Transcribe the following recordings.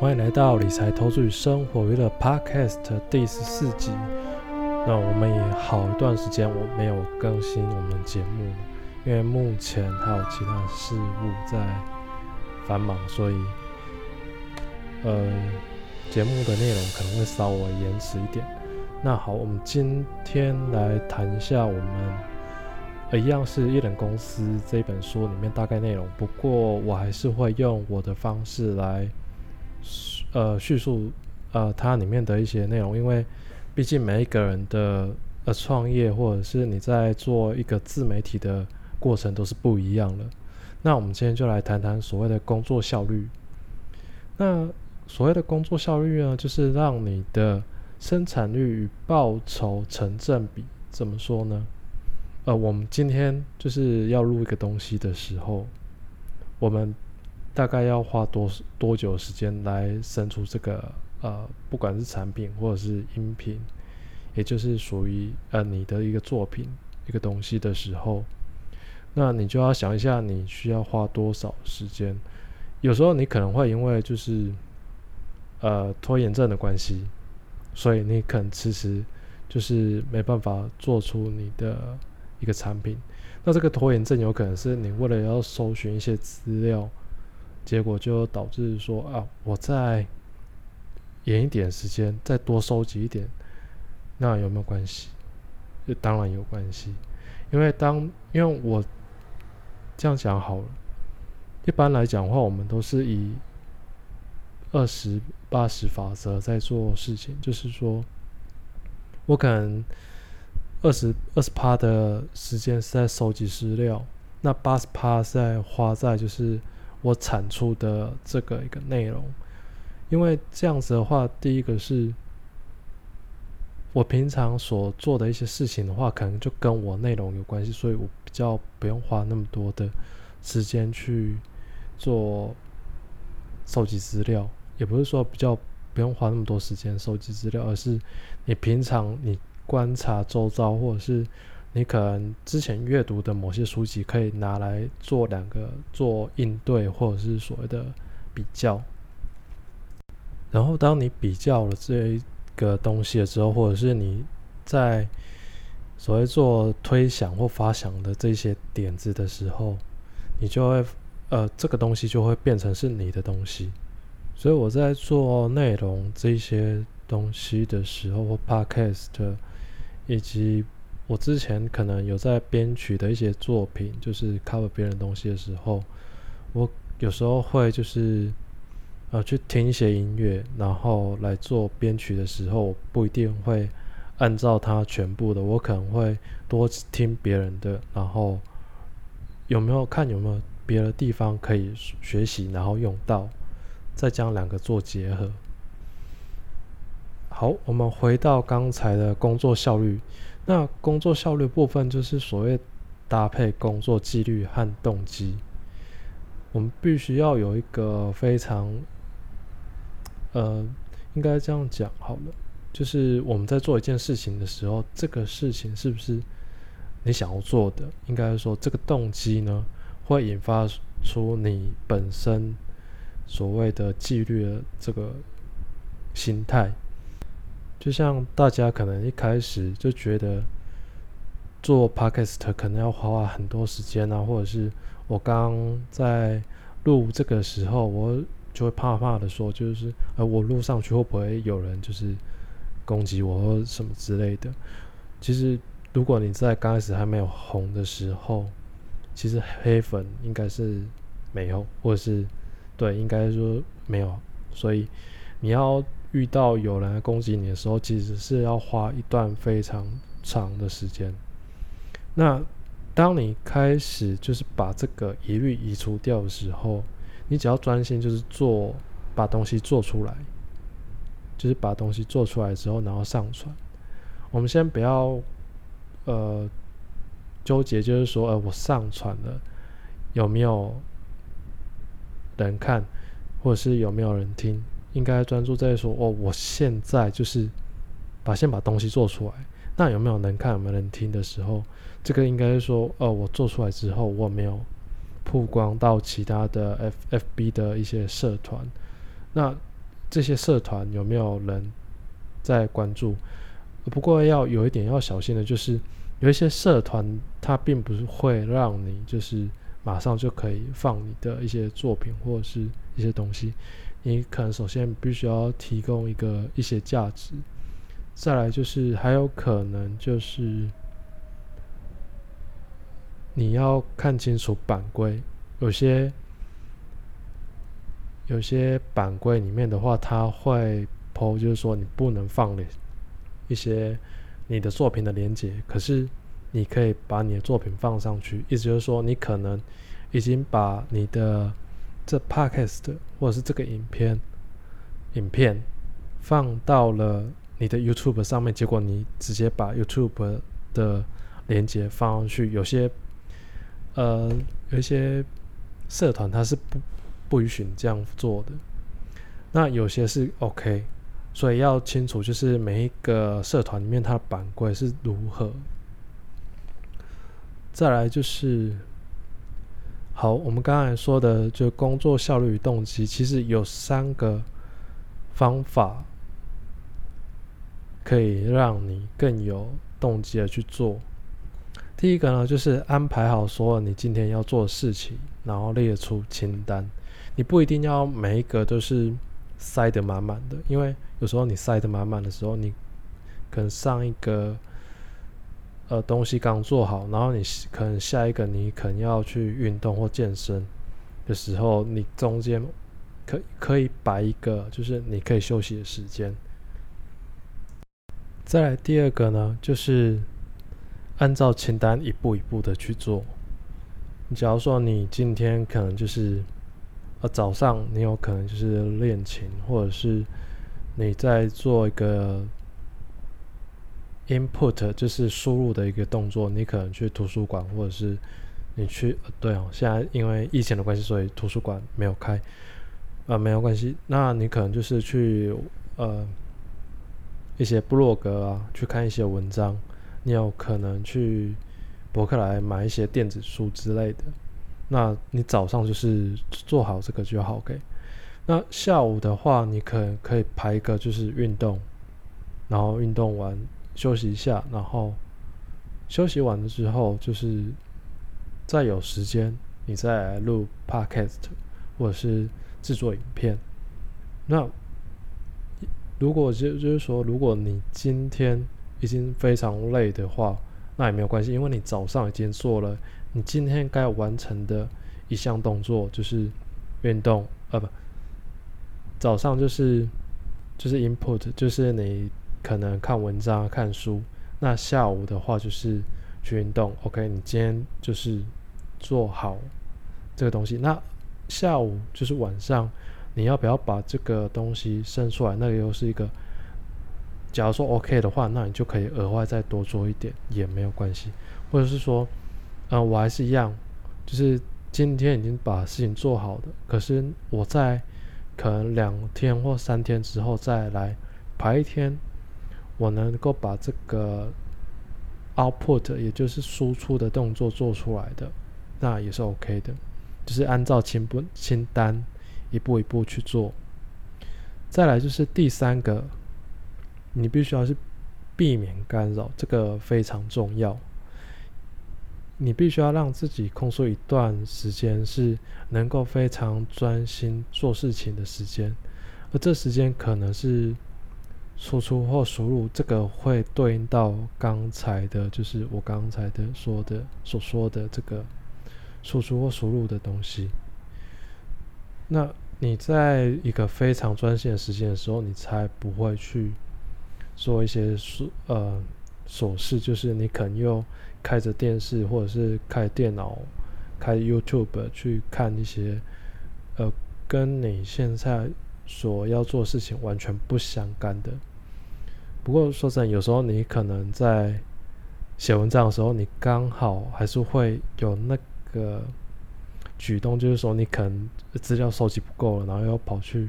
歡迎來到理財、投資與生活娛樂 Podcast 第十四集。那我們也好一段時間我沒有更新我們節目了，因為目前還有其他事務在繁忙，所以，呃，節目的內容可能會稍微延遲一點。那好，我們今天來談一下我們。呃，一樣是一人公司這本書裡面大概內容，不過我還是會用我的方式來，呃，敘述呃它裡面的一些內容，因為畢竟每一個人的呃創業或者是你在做一個自媒體的過程都是不一樣的。那我們今天就來談談所謂的工作效率。那所謂的工作效率呢，就是讓你的生產率與報酬成正比。怎麼說呢？呃，我們今天就是要錄一個東西的時候，我們大概要花多多久時間來生出這個呃，不管是產品或者是音頻，也就是屬於呃你的一個作品一個東西的時候，那你就要想一下你需要花多少時間。有時候你可能會因為就是呃拖延症的關係，所以你可能遲遲就是沒辦法做出你的。一個產品，那這個拖延症有可能是你為了要搜尋一些資料，結果就導致說啊，我再延一點時間，再多收集一點，那有沒有關係？就當然有關係，因為當因為我這樣講好了，一般來講的話，我們都是以二十八十法則在做事情，就是說我可能。二十二十趴的時間是在收集資料，那八十趴是在花在就是我產出的這個一個內容。因為這樣子的話，第一個是我平常所做的一些事情的話，可能就跟我內容有關係，所以我比較不用花那麼多的時間去做收集資料。也不是說比較不用花那麼多時間收集資料，而是你平常你觀察周遭，或者是你可能之前閱讀的某些書籍，可以拿來做兩個做應對，或者是所謂的比較。然後，當你比較了這個東西之後，或者是你在所謂做推想或發想的這些點子的時候，你就會呃，這個東西就會變成是你的東西。所以我在做內容這些東西的時候，或 podcast 以及我之前可能有在編曲的一些作品，就是 cover 別人東西的時候，我有時候會就是呃去聽一些音樂，然後來做編曲的時候，不一定會按照它全部的，我可能會多聽別人的，然後有沒有看有沒有別的地方可以學習，然後用到，再將兩個做結合。好，我們回到剛才的工作效率。那工作效率部分就是所謂搭配工作紀律和動機。我們必須要有一個非常，呃，應該這樣講好了，就是我們在做一件事情的時候，這個事情是不是你想要做的？應該說，這個動機呢，會引發出你本身所謂的紀律的這個心態。就像大家可能一開始就覺得做 podcast 可能要花很多時間啊，或者是我剛在錄這個時候，我就會怕怕的說，就是，呃、啊，我錄上去會不會有人就是攻擊我或什麼之類的？其實如果你在剛開始還沒有紅的時候，其實黑粉應該是沒有，或者是對，應該說沒有，所以你要。遇到有人來攻擊你的時候，其實是要花一段非常長的時間。那當你開始就是把這個疑慮移除掉的時候，你只要專心就是做，把東西做出來，就是把東西做出來之後，然後上傳。我們先不要呃糾結，就是說，呃，我上傳了有沒有人看，或者是有沒有人聽。應該專注在說哦，我現在就是把先把東西做出來。那有沒有能看、有沒有能聽的時候？這個應該是說，哦、呃，我做出來之後，我沒有曝光到其他的 F、FB 的一些社團。那這些社團有沒有人在關注？不過要有一點要小心的，就是有一些社團它並不會讓你就是馬上就可以放你的一些作品或者是一些東西。你可能首先必須要提供一個一些價值，再來就是還有可能就是，你要看清楚版規，有些有些版規裡面的話，它會 PO，就是說你不能放了一些你的作品的連接，可是你可以把你的作品放上去，意思就是說你可能已經把你的。這 podcast 或者是這個影片，影片放到了你的 YouTube 上面，結果你直接把 YouTube 的連接放上去，有些呃，有一些社團它是不不允許你這樣做的。那有些是 OK，所以要清楚，就是每一個社團裡面它的版規是如何。再來就是。好，我們剛才說的就工作效率與動機，其實有三個方法可以讓你更有動機的去做。第一個呢，就是安排好所有你今天要做的事情，然後列出清單。你不一定要每一個都是塞得滿滿的，因為有時候你塞得滿滿的時候，你可能上一個。呃，東西剛做好，然後你可能下一個你可能要去運動或健身的時候，你中間可可以擺一個，就是你可以休息的時間。再來第二個呢，就是按照清單一步一步的去做。假如說你今天可能就是，呃，早上你有可能就是練琴，或者是你在做一個。Input 就是輸入的一個動作，你可能去圖書館，或者是你去，對哦，現在因為疫情的關係，所以圖書館沒有開，啊、呃，沒有關係。那你可能就是去呃一些部落格啊，去看一些文章，你有可能去博客來買一些電子書之類的。那你早上就是做好這個就好給，那下午的話，你可能可以排一個就是運動，然後運動完。休息一下，然後休息完了之後，就是再有時間，你再來錄 podcast 或者是製作影片。那如果就就是說，如果你今天已經非常累的話，那也沒有關係，因為你早上已經做了你今天該完成的一項動作，就是運動。啊，不，早上就是就是 input，就是你。可能看文章、看書，那下午的話就是去運動。OK，你今天就是做好這個東西。那下午就是晚上，你要不要把這個東西生出來？那個又是一個，假如說 OK 的話，那你就可以額外再多做一點，也沒有關係。或者是說，嗯、呃，我還是一樣，就是今天已經把事情做好的，可是我在可能兩天或三天之後再來排一天。我能夠把這個 output，也就是輸出的動作做出來的，那也是 OK 的，就是按照清不清單一步一步去做。再來就是第三個，你必須要是避免干擾，這個非常重要。你必須要讓自己空出一段時間，是能夠非常專心做事情的時間，而這時間可能是。輸出或輸入，這個會對應到剛才的，就是我剛才的說的所說的這個輸出或輸入的東西。那你在一個非常專心的時間的時候，你才不會去做一些手呃瑣事，就是你可能用開着電視或者是開電腦、開 YouTube 去看一些呃跟你現在所要做事情完全不相干的。不過說真的，有時候你可能在寫文章的時候，你剛好還是會有那個舉動，就是說你可能資料收集不夠了，然後又跑去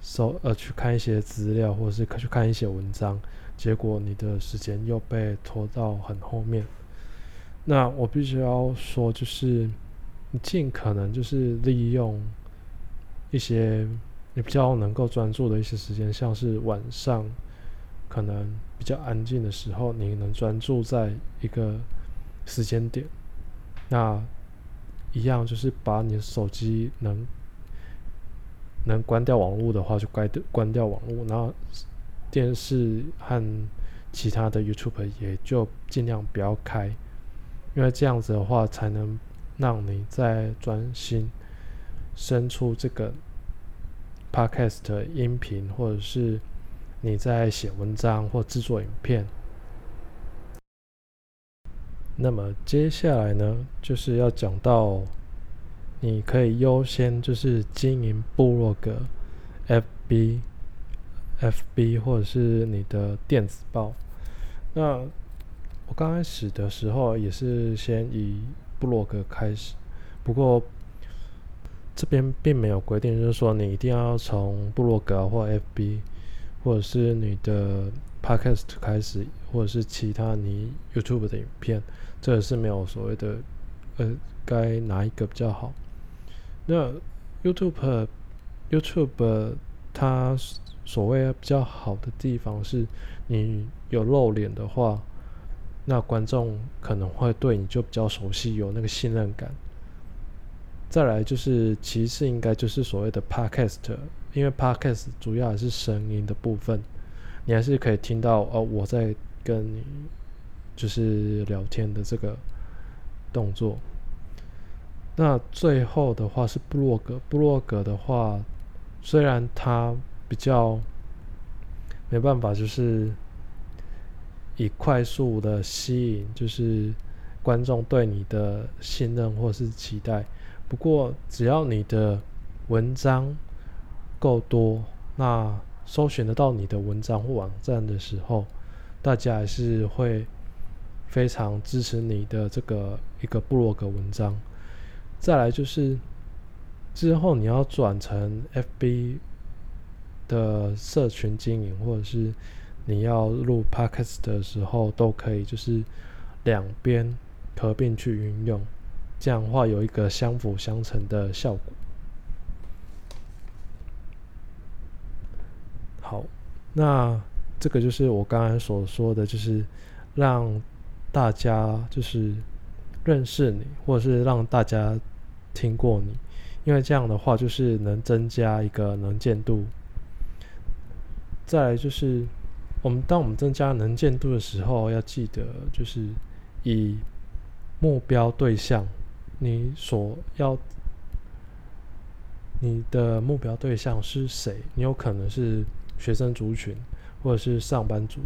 搜，呃，去看一些資料，或者是去看一些文章，結果你的時間又被拖到很後面。那我必須要說，就是你盡可能就是利用一些你比較能夠專注的一些時間，像是晚上。可能比較安靜的時候，你能專注在一個時間點，那一樣就是把你的手機能能關掉網絡的話，就該關掉網絡。然後電視和其他的 YouTuber 也就盡量不要開，因為這樣子的話，才能讓你在專心生出這個 Podcast 的音頻或者是。你在寫文章或制作影片，那麼接下來呢，就是要講到你可以優先就是經營部落格、FB、FB 或者是你的電子報。那我剛開始的時候也是先以部落格開始，不過這邊並沒有規定，就是說你一定要從部落格或 FB。或者是你的 podcast 開始，或者是其他你 YouTube 的影片，這也是沒有所謂的，呃，該哪一個比較好。那 YouTube YouTube 它所謂比較好的地方是，你有露臉的話，那觀眾可能會對你就比較熟悉，有那個信任感。再來就是，其次應該就是所謂的 podcast。因為 podcast 主要還是聲音的部分，你還是可以聽到哦，我在跟你就是聊天的這個動作。那最後的話是 Blog，Blog 的話，雖然它比較沒辦法，就是以快速的吸引，就是觀眾對你的信任或是期待。不過，只要你的文章夠多，那搜尋得到你的文章或網站的時候，大家還是會非常支持你的這個一個部落格文章。再來就是之後你要轉成 FB 的社群經營，或者是你要錄 Podcast 的時候，都可以就是兩邊合併去運用，這樣的話有一個相輔相成的效果。好，那這個就是我剛才所說的，就是讓大家就是認識你，或者是讓大家聽過你，因為這樣的話就是能增加一個能見度。再來就是我們當我們增加能見度的時候，要記得就是以目標對象，你所要你的目標對象是誰？你有可能是。學生族群，或者是上班族，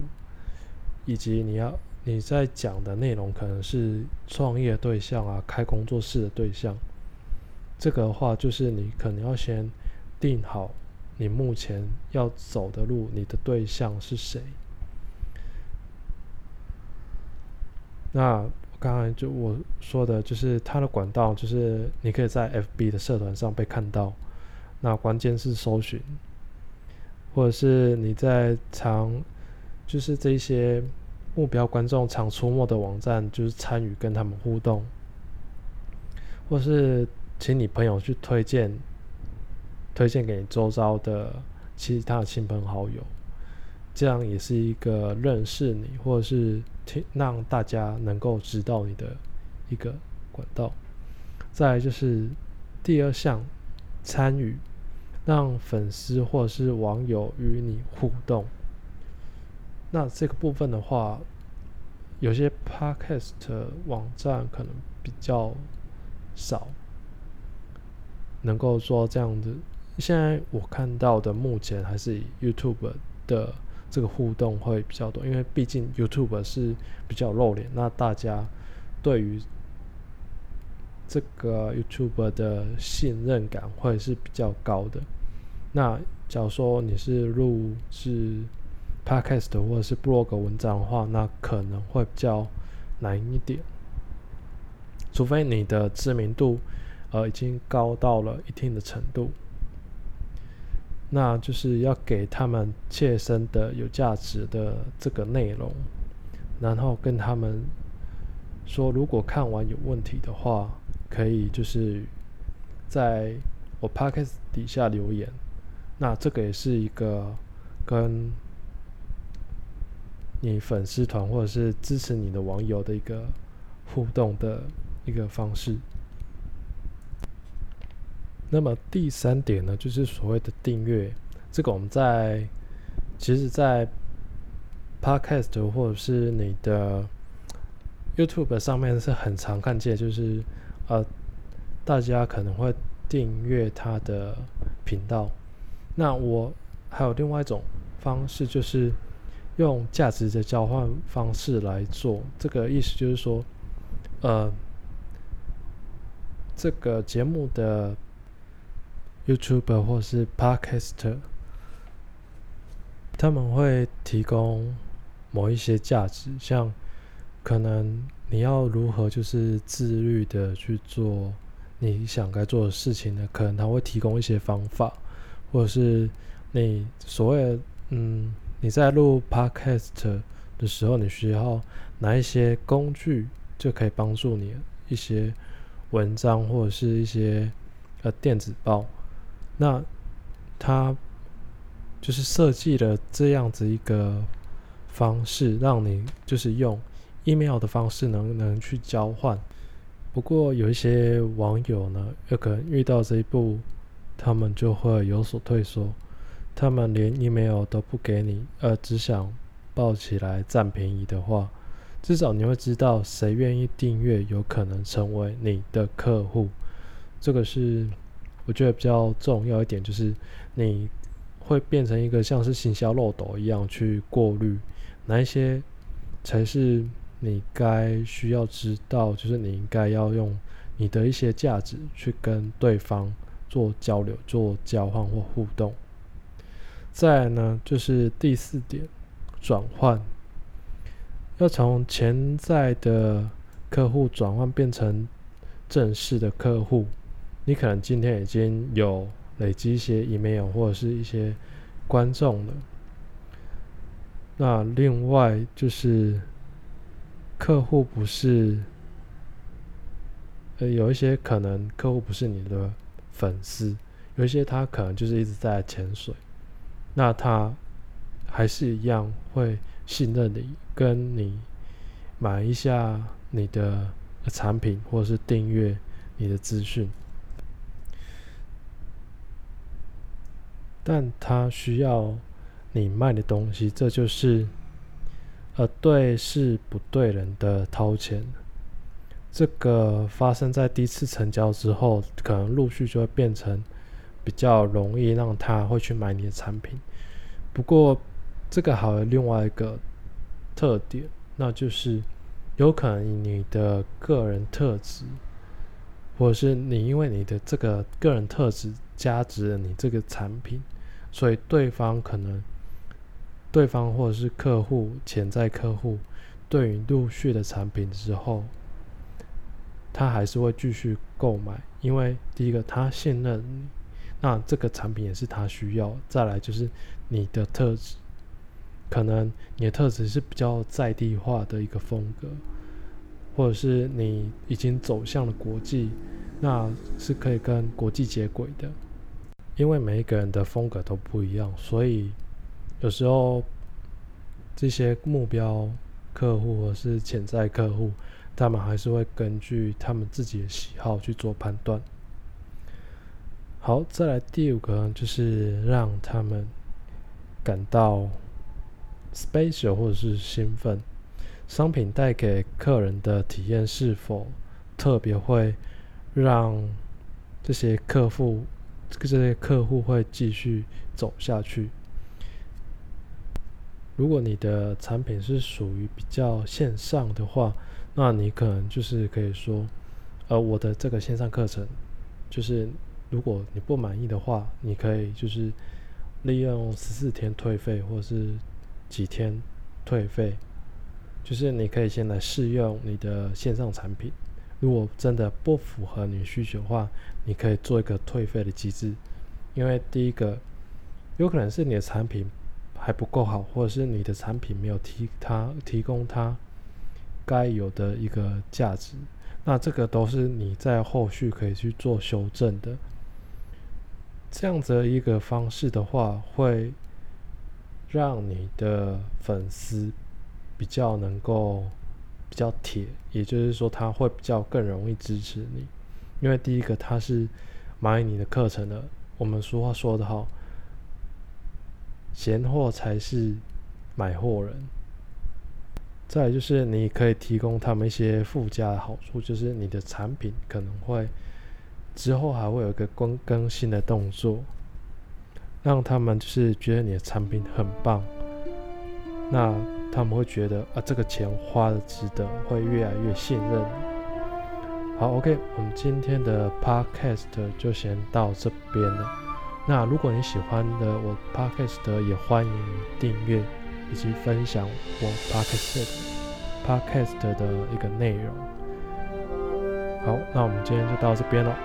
以及你要你在講的內容，可能是創業對象啊，開工作室的對象，這個的話，就是你可能要先定好你目前要走的路，你的對象是誰？那剛才就我說的，就是他的管道，就是你可以在 FB 的社團上被看到，那關鍵是搜尋。或者是你在常，就是這些目標觀眾常出沒的網站，就是參與跟他們互動，或是請你朋友去推薦，推薦給你周遭的其他的親朋好友，這樣也是一個認識你，或者是聽讓大家能夠知道你的一個管道。再來就是第二項，參與。讓粉絲或是網友與你互動，那這個部分的話，有些 podcast 網站可能比較少，能夠做這樣子。現在我看到的，目前還是 YouTube 的這個互動會比較多，因為畢竟 YouTube 是比較露臉，那大家對於這個 YouTube 的信任感會是比較高的。那假如說你是錄製 podcast 或者是 blog 文章的話，那可能會比較難一點，除非你的知名度呃已經高到了一定的程度。那就是要給他們切身的、有價值的這個內容，然後跟他們說，如果看完有問題的話，可以就是在我 podcast 底下留言。那這個也是一個跟你粉絲團或者是支持你的網友的一個互動的一個方式。那麼第三點呢，就是所謂的訂閱，這個我們在其實，在 Podcast 或者是你的 YouTube 上面是很常看見，就是呃，大家可能會訂閱他的頻道。那我還有另外一種方式，就是用價值的交換方式來做。這個意思就是說，呃，這個節目的 YouTuber 或是 Podcaster 他們會提供某一些價值，像可能你要如何就是自律的去做你想該做的事情呢？可能他會提供一些方法。或者是你所謂嗯，你在錄 podcast 的時候，你需要哪一些工具就可以幫助你一些文章或者是一些呃電子報，那它就是設計了這樣子一個方式，讓你就是用 email 的方式能能去交換。不過有一些網友呢，有可能遇到這一部。他們就會有所退縮，他們連 email 都不給你，而只想抱起來占便宜的話，至少你會知道誰願意訂閱，有可能成為你的客戶。這個是我覺得比較重要一點，就是你會變成一個像是行銷漏斗一樣去過濾哪一些才是你該需要知道，就是你應該要用你的一些價值去跟對方做交流、做交換或互動。再來呢，就是第四點，轉換。要從潛在的客戶轉換變成正式的客戶。你可能今天已經有累積一些 email 或者是一些觀眾了。那另外就是，客戶不是，呃、欸，有一些可能客戶不是你的。粉絲有一些，他可能就是一直在潛水，那他還是一樣會信任你，跟你買一下你的產品，或是訂閱你的資訊，但他需要你賣的東西，這就是呃，對事不對人的掏錢。這個發生在第一次成交之後，可能陸續就會變成比較容易讓他會去買你的產品。不過，這個還有另外一個特點，那就是有可能你的個人特質，或是你因為你的這個個人特質，加值了你這個產品，所以對方可能，對方或者是客戶潛在客戶，對於陸續的產品之後。他還是會繼續購買，因為第一個他信任你，那這個產品也是他需要。再來就是你的特質，可能你的特質是比較在地化的一個風格，或者是你已經走向了國際，那是可以跟國際接軌的。因為每一個人的風格都不一樣，所以有時候這些目標客戶或是潛在客戶，他們還是會根據他們自己的喜好去做判斷。好，再來第五個，就是讓他們感到 special 或者是興奮。商品帶給客人的體驗是否特別，會讓這些客戶，這些客戶會繼續走下去。如果你的產品是屬於比較線上的話，那你可能就是可以說，呃，我的這個線上課程，就是如果你不滿意的話，你可以就是利用十四天退費，或是幾天退費，就是你可以先來試用你的線上產品。如果真的不符合你的需求的話，你可以做一個退費的機制，因為第一個有可能是你的產品還不夠好，或者是你的產品沒有提它提供它。該有的一個價值，那這個都是你在後續可以去做修正的。這樣子一個方式的話，會讓你的粉絲比較能夠比較鐵，也就是說他會比較更容易支持你。因為第一個他是買你的課程的，我們俗話說得好，嫌貨才是買貨人。再來就是，你可以提供他們一些附加的好處，就是你的產品可能會之後還會有一個更更新的動作，讓他們就是覺得你的產品很棒，那他們會覺得啊，這個錢花的值得，會越來越信任。好，OK，我們今天的 Podcast 就先到這邊了。那如果你喜歡的我 Podcast，也歡迎你訂閱。以及分享我 podcast podcast 的一個內容。好，那我們今天就到這邊了，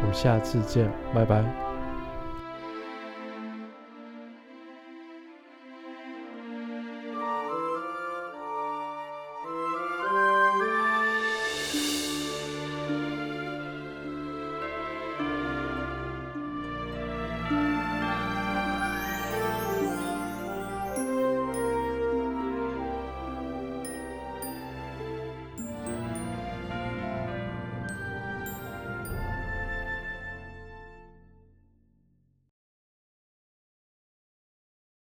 我們下次見，拜拜。